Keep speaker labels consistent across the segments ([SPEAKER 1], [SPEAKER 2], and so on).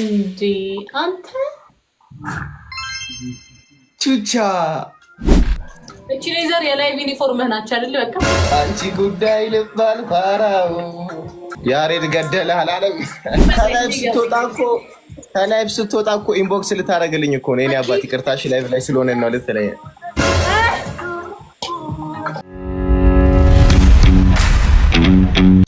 [SPEAKER 1] እንዴ አንተ ቹቻ እቺ ሌዘር የላይ ዩኒፎርም ናች አይደል? በቃ
[SPEAKER 2] አንቺ ጉዳይ ልባል ፋራው ያሬድ ገደለ አላለም። ከላይፍ ስትወጣ እኮ ከላይፍ ስትወጣ እኮ ኢንቦክስ ልታደርግልኝ እኮ ነው። የኔ አባት ይቅርታሽ ላይፍ ላይ ስለሆነ ነው ልትለኝ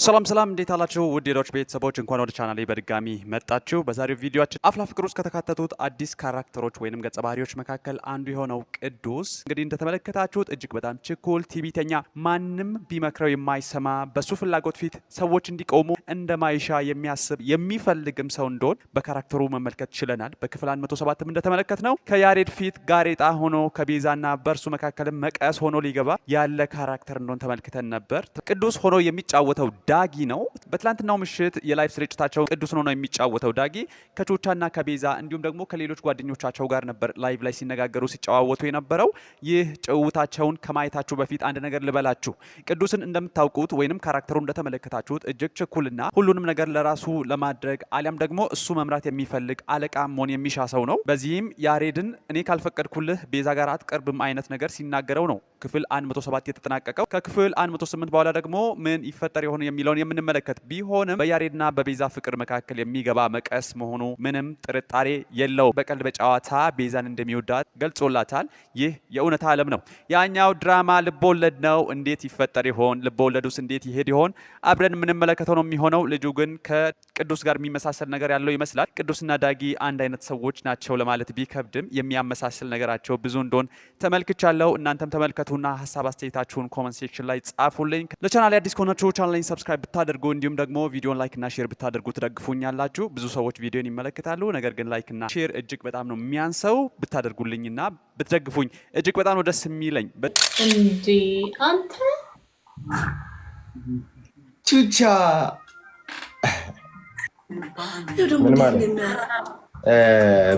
[SPEAKER 3] ሰላም ሰላም፣ እንዴት አላችሁ? ውድ የዶች ቤተሰቦች እንኳን ወደ ቻናሌ በድጋሚ መጣችሁ። በዛሬው ቪዲዮችን አፍላ ፍቅር ውስጥ ከተካተቱት አዲስ ካራክተሮች ወይም ገጸ ባህሪዎች መካከል አንዱ የሆነው ቅዱስ እንግዲህ እንደተመለከታችሁት እጅግ በጣም ችኩል፣ ቲቢተኛ፣ ማንም ቢመክረው የማይሰማ በሱ ፍላጎት ፊት ሰዎች እንዲቆሙ እንደማይሻ የሚያስብ የሚፈልግም ሰው እንደሆን በካራክተሩ መመልከት ችለናል። በክፍል 107 እንደተመለከት ነው ከያሬድ ፊት ጋሬጣ ሆኖ ከቤዛና በእርሱ መካከልም መቀስ ሆኖ ሊገባ ያለ ካራክተር እንደሆን ተመልክተን ነበር። ቅዱስ ሆኖ የሚጫወተው ዳጊ ነው። በትላንትናው ምሽት የላይቭ ስርጭታቸው ቅዱስ ነው ነው የሚጫወተው ዳጊ ከቾቻና ከቤዛ እንዲሁም ደግሞ ከሌሎች ጓደኞቻቸው ጋር ነበር ላይቭ ላይ ሲነጋገሩ ሲጨዋወቱ የነበረው። ይህ ጭውታቸውን ከማየታችሁ በፊት አንድ ነገር ልበላችሁ። ቅዱስን እንደምታውቁት ወይንም ካራክተሩ እንደተመለከታችሁት እጅግ ችኩልና ሁሉንም ነገር ለራሱ ለማድረግ አሊያም ደግሞ እሱ መምራት የሚፈልግ አለቃ መሆን የሚሻ ሰው ነው። በዚህም ያሬድን እኔ ካልፈቀድኩልህ ቤዛ ጋር አትቀርብም አይነት ነገር ሲናገረው ነው ክፍል 107 የተጠናቀቀው። ከክፍል 108 በኋላ ደግሞ ምን ይፈጠር የሆነ የሚ የሚለውን የምንመለከት ቢሆንም በያሬድና በቤዛ ፍቅር መካከል የሚገባ መቀስ መሆኑ ምንም ጥርጣሬ የለው። በቀልድ በጨዋታ ቤዛን እንደሚወዳት ገልጾላታል። ይህ የእውነት ዓለም ነው። ያኛው ድራማ ልቦወለድ ነው። እንዴት ይፈጠር ይሆን? ልቦወለዱስ እንዴት ይሄድ ይሆን? አብረን የምንመለከተው ነው የሚሆነው። ልጁ ግን ከቅዱስ ጋር የሚመሳሰል ነገር ያለው ይመስላል። ቅዱስና ዳጊ አንድ አይነት ሰዎች ናቸው ለማለት ቢከብድም የሚያመሳስል ነገራቸው ብዙ እንደሆን ተመልክቻለሁ። እናንተም ተመልከቱና ሀሳብ አስተያየታችሁን ኮመንት ሴክሽን ላይ ጻፉልኝ። ለቻናል አዲስ ከሆናችሁ ቻናል ላይ ሰብስክራይብ ብታደርጉ እንዲሁም ደግሞ ቪዲዮን ላይክ እና ሼር ብታደርጉ ትደግፉኛላችሁ። ብዙ ሰዎች ቪዲዮን ይመለከታሉ፣ ነገር ግን ላይክ እና ሼር እጅግ በጣም ነው የሚያንሰው። ብታደርጉልኝ ብታደርጉልኝና ብትደግፉኝ እጅግ በጣም ነው ደስ የሚለኝ።
[SPEAKER 1] እንዴ አንተ
[SPEAKER 2] ቹቻ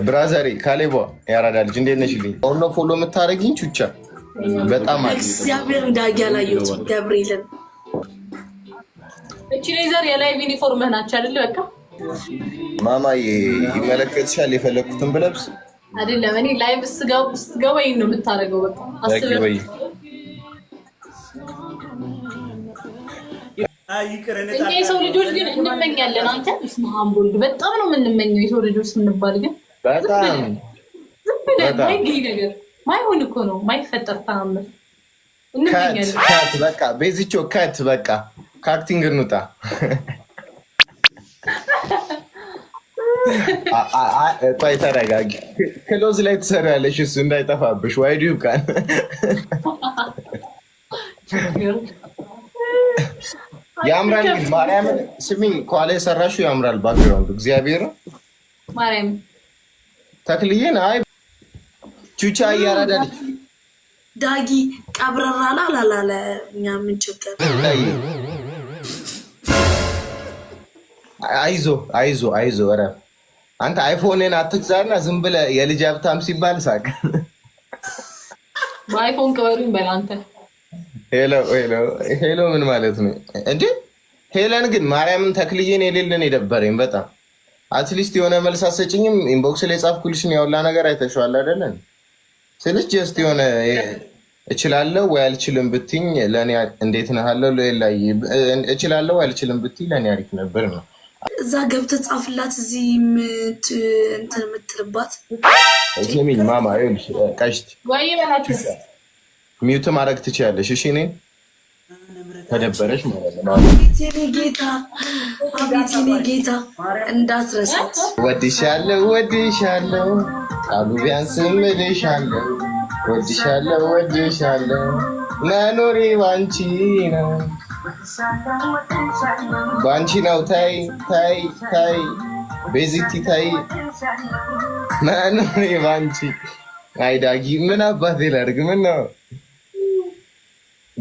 [SPEAKER 2] ብራዘሪ ካሌቦ ያራዳ ልጅ እንዴት ነሽልኝ? ኦኖ ፎሎ የምታደርጊኝ ቹቻ በጣም
[SPEAKER 1] እግዚአብሔር እንዳጊያ ላየሁት ገብርኤልን እቺ ሌዘር የላይቭ ዩኒፎርም ናች አይደል? በቃ
[SPEAKER 2] ማማዬ ይመለከትሻል። የፈለግኩትን ብለብስ
[SPEAKER 1] አይደለም እኔ ላይቭ ስትገባ ይሄን ነው የምታደርገው። በቃ አስበህ እኛ የሰው ልጆች ግን እንመኛለን። አንተ ስማም ወልድ በጣም ነው የምንመኘው የሰው ልጆች ስንባል ግን በጣም ዝም ብለን ማይገኝ ነገር ማይሆን እኮ ነው ማይፈጠር ተአምር
[SPEAKER 2] እንመኛለን። በቃ ቤዚቾ ከት በቃ ከአክቲንግ እንውጣ። ቆይ ተረጋጊ። ክሎዝ ላይ ትሰሪያለሽ፣ እሱ እንዳይጠፋብሽ። ዋይዱ ይብቃል። ያምራል ግን ማርያምን ስሚኝ፣ ከኋላ የሰራሽው ያምራል ባክግራውንድ። እግዚአብሔር ማርያም ተክልዬን አይ ቹቻ እያራዳለች
[SPEAKER 1] ዳጊ ቀብረራላ ላላለ እኛ ምን
[SPEAKER 2] አይዞ አይዞ አይዞ። ኧረ አንተ አይፎንን አትግዛና ዝም ብለህ የልጅ ሀብታም ሲባል ሳቅ።
[SPEAKER 1] በአይፎን ቅበሩኝ በል አንተ።
[SPEAKER 2] ሄሎ ሄሎ ሄሎ፣ ምን ማለት ነው እንዴ? ሄለን ግን ማርያምን ተክልዬን የሌለን የደበረኝ በጣም አትሊስት የሆነ መልስ አሰጭኝም። ኢንቦክስ ላይ ጻፍኩልሽን ያውላ ነገር አይተሸዋል አይደለን ስልሽ ጀስት የሆነ እችላለሁ ወይ አልችልም ብትኝ ለእኔ እንዴት ነህ አለው ሌላ እችላለሁ ወይ አልችልም ብትኝ ለእኔ አሪፍ ነበር ነው
[SPEAKER 1] እዛ ገብተህ ጻፍላት። እዚህ እንትን የምትልባት
[SPEAKER 2] ስሚኝ፣ ማማ ቀሽት ሚውት ማድረግ ትችያለሽ። እሺ እኔ ተደበረሽ ማለት
[SPEAKER 1] ነው። ጌታ፣ አቤት የኔ ጌታ፣ እንዳትረሳት።
[SPEAKER 2] ወድሻለሁ፣ ወድሻለሁ፣ ቃሉ ቢያንስም እልሻለሁ፣ ወድሻለሁ፣ ወድሻለሁ፣ መኖሬ ባንቺ ነው በአንቺ ነው። ታይ ታይ ታይ ቤዚቲ ታይ ማነው? እኔ በአንቺ አይ ዳጊ ምን አባቴ ላድርግ? ምን ነው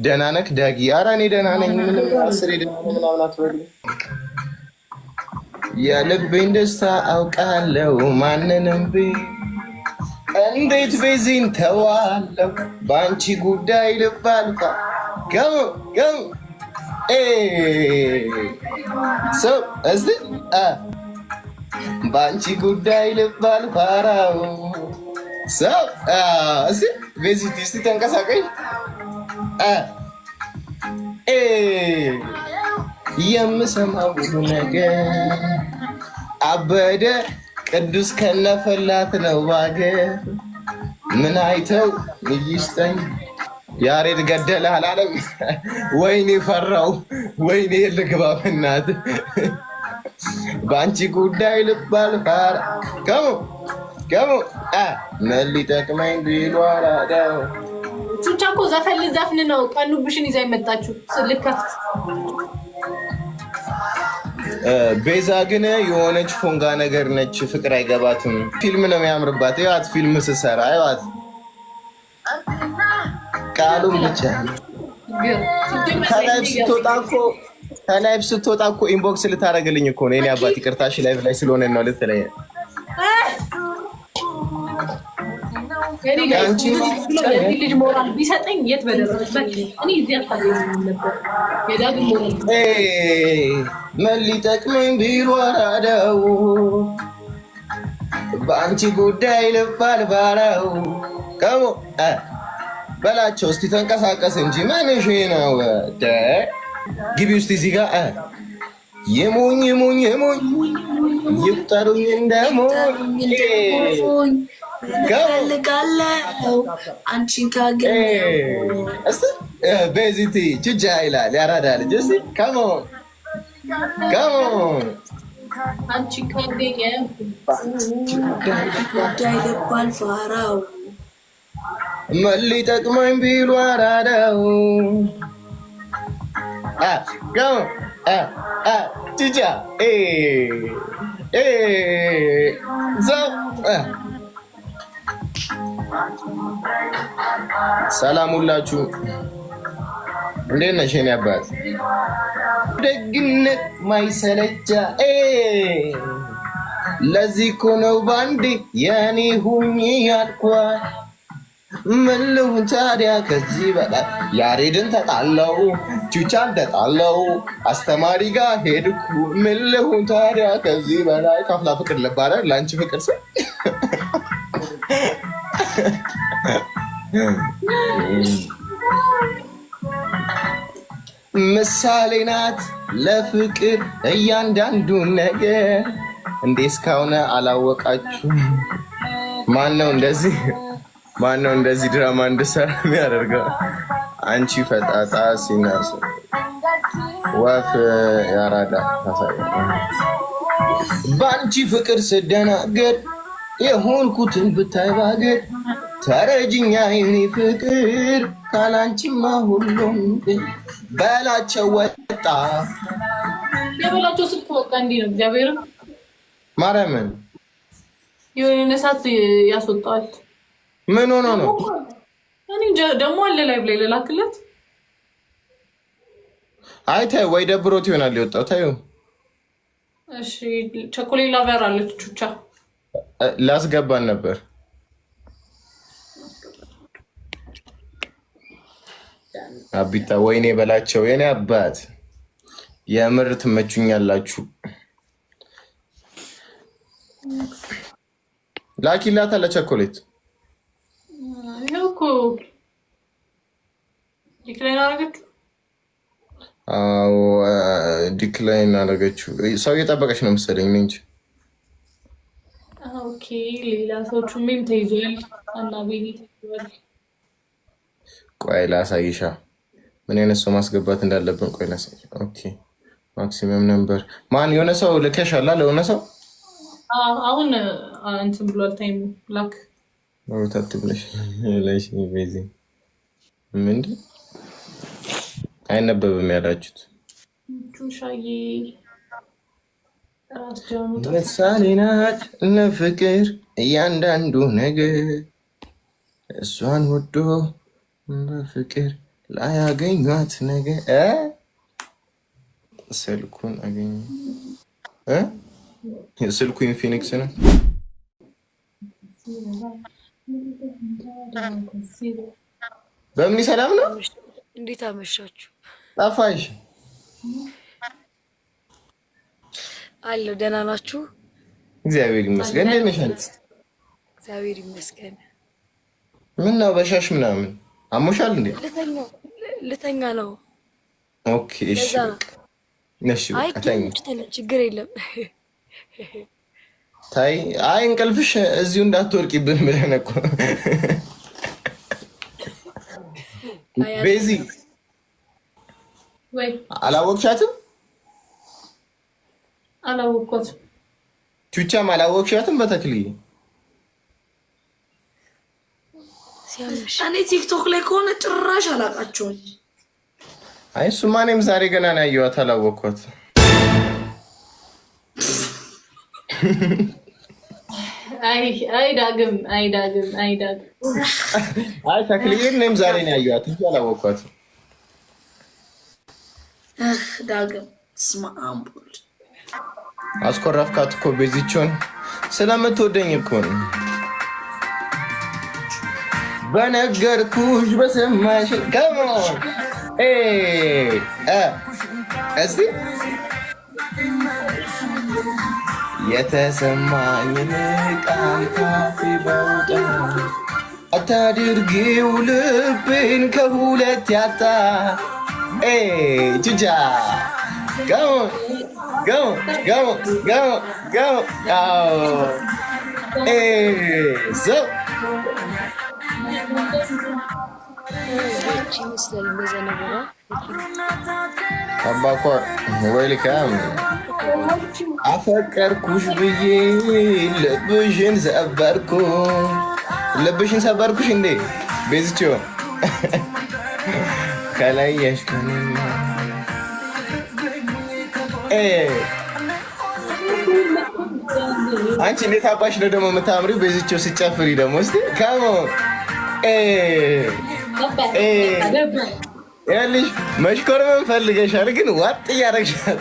[SPEAKER 2] ደህና ነህ ዳጊ? ኧረ እኔ ደህና ነኝ። ምንም አስሬ ደህና ነኝ ምናምን አትበል። የልቤን ደስታ አውቃለሁ ማንንም ቤ እንዴት ቤዚን ተዋለሁ በአንቺ ጉዳይ ልባልፋ ገሙ ገሙ ሰው እዚ በአንቺ ጉዳይ ልባል ፓራው ሰው እዚ ቤዚቲ እስቲ ተንቀሳቀኝ የምሰማው ነገር አበደ ቅዱስ ከነፈላት ነው ባገር ምን አይተው ይስጠኝ ያሬድ ገደለ አላለም። ወይኔ ፈራው፣ ወይኔ ልግባ እናት በአንቺ ጉዳይ ልባል ፋር ከሙ ከሙ ምን ሊጠቅመኝ ቢሉ አላደው
[SPEAKER 1] ቹቻ እኮ ዘፈን ልዘፍን ነው። ቀኑብሽን ይዛ ይመጣችሁ ልከፍት
[SPEAKER 2] ቤዛ ግን የሆነች ፎንጋ ነገር ነች። ፍቅር አይገባትም። ፊልም ነው የሚያምርባት። ይዋት ፊልም ስሰራ ይዋት ቃሉን ብቻ ከላይፍ ስትወጣ እኮ ከላይፍ ስትወጣ እኮ ኢንቦክስ ልታደርግልኝ እኮ ነው። የኔ አባት ይቅርታሽ፣ ላይፍ ላይ ስለሆነ ነው ልትለኝ። ምን ሊጠቅመኝ ቢሉ አራዳው በአንቺ ጉዳይ ልባል ባለው በላቸው እስቲ ተንቀሳቀስ እንጂ ምን እሺ ነው ደ ግቢ ውስጥ እዚህ ጋር የሞኝ የሞኝ የሞኝ ይቁጠሩኝ እንደሞኝ
[SPEAKER 1] ፈልጋለው አንቺን ካገኘው
[SPEAKER 2] እስ ቤዚቲ ችጃ ይላል ያራዳ ልጅ እስ ከሞን ከሞን
[SPEAKER 1] አንቺን ካገኘው ጉዳይ ልባል ፋራው
[SPEAKER 2] ሊጠቅመኝ ቢሉ አራዳው ቺቻ ሰላም ሁላችሁ እንዴት ነሽ? የኔ አባት ደግነት ማይሰለቻ ለዚህ እኮ ነው ባንዴ የኔ ሁኚ ያልኳል ምን ልሁን ታዲያ ከዚህ በላይ ያሬድን ተጣለው፣ ቹቻን ተጣለው፣ አስተማሪ ጋር ሄድኩ። ምን ልሁን ታዲያ ከዚህ በላይ ካፍላ ፍቅር ልባረ ለአንቺ ፍቅር ስ ምሳሌ ናት ለፍቅር እያንዳንዱን ነገር እንዴ እስካሁን አላወቃችሁ? ማን ነው እንደዚህ ማነው እንደዚህ ድራማ እንድሰራ የሚያደርገው? አንቺ ፈጣጣ ሲናስ ወፍ ያራዳ ታሳየ በአንቺ ፍቅር ስደናገር የሆንኩትን ብታይ ተረጅኛ የኔ ፍቅር ካላንቺማ ሁሉም በላቸው ወጣ
[SPEAKER 1] የበላቸው ስልክ ወጣ። እንዲህ ነው ማርያምን የሆነ ነሳት ያስወጣዋል። ምን ሆኖ ነው? ደግሞ አለ ላይ ብላ ይለላክለት።
[SPEAKER 2] አይ ተይው፣ ወይ ደብሮት ይሆናል የወጣው። ተይው።
[SPEAKER 1] እሺ ቸኮሌት ላቨር አለች ቹቻ
[SPEAKER 2] ላስገባን ነበር። አቢታ ወይኔ በላቸው የኔ አባት፣ የምር ትመቹኛላችሁ። ላኪላታ ለቸኮሌት
[SPEAKER 1] እኮ ዲክላይን አደረገችው።
[SPEAKER 2] ዲክላይን አደረገችው። ሰው እየጠበቀች ነው መሰለኝ እንጂ
[SPEAKER 1] ሌላ ሰዎቹ ሜም ተይዟል እና ተይዟል።
[SPEAKER 2] ቆይ ላሳይሻ ምን አይነት ሰው ማስገባት እንዳለብን። ቆይ ላሳይ። ኦኬ ማክሲመም ነበር ማን የሆነ ሰው ልከሻላ ለሆነ ሰው
[SPEAKER 1] አሁን እንትን ብሏል። ታይም ላክ
[SPEAKER 2] መውታት ብለሽ ለሽ ቤዚ ምንድ አይነበብም ያላችሁት ምሳሌ ናት ለፍቅር እያንዳንዱ ነገር እሷን ወዶ በፍቅር ላያገኟት ነገር ስልኩን አገኘ ስልኩ ኢንፊኒክስ ነው። በምን ሰላም ነው?
[SPEAKER 1] እንዴት አመሻችሁ? ጠፋሽ። አለሁ። ደህና ናችሁ?
[SPEAKER 2] እግዚአብሔር ይመስገን። እንዴት ነሽ አንቺ?
[SPEAKER 1] እግዚአብሔር ይመስገን።
[SPEAKER 2] ምን ነው በሻሽ ምናምን አሞሻል እንዴ? ልተኛ ነው። ኦኬ፣ እሺ፣ እሺ፣
[SPEAKER 1] ችግር የለም።
[SPEAKER 2] ታይ አይ እንቅልፍሽ እዚሁ እንዳትወርቂብን ብለን እኮ ቤዚ አላወቅሻትም?
[SPEAKER 1] አላወቅኳትም።
[SPEAKER 2] ቹቻም አላወቅሻትም? በተክል እኔ
[SPEAKER 1] ቲክቶክ ላይ ከሆነ ጭራሽ አላቃቸውም።
[SPEAKER 2] አይ እሱማ እኔም ዛሬ ገና ነው ያየኋት፣ አላወቅኳት
[SPEAKER 1] አይ ዳግም አይ ዳግም አይ ዳግም
[SPEAKER 2] አይ እኔም ዛሬ ነው ያየኋት እንጂ አላወኳትም።
[SPEAKER 1] ዳግም ስማ አምቡል
[SPEAKER 2] አስኮረፍካት እኮ ቤዚቾን ስለምትወደኝ እኮ ነው። በነገርኩሽ በሰማሽ ከሞ እ እስቲ የተሰማኝን ቃል ካፌ ባወጣ አታድርጊው ልቤን ከሁለት ያጣ ጅጃ ይመስላል። አፈቀርኩሽ ብዬ ልብሽን ሰበርኩ ልብሽን ሰበርኩሽ እንዴ ቤዝችዮ ከላይ ያሽከነ አንቺ እንዴት አባሽ ነው ደግሞ የምታምሪው? ቤዝችዮ ስጨፍሪ ደግሞ እስኪ ከሞ ያልሽ መሽኮርመን ፈልገሻል፣ ግን ዋጥ እያደረግሻት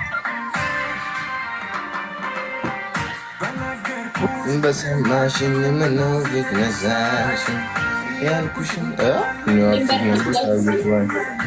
[SPEAKER 2] Basamam şimdi bana gitmezler Yer kuşun Ne artık ne bu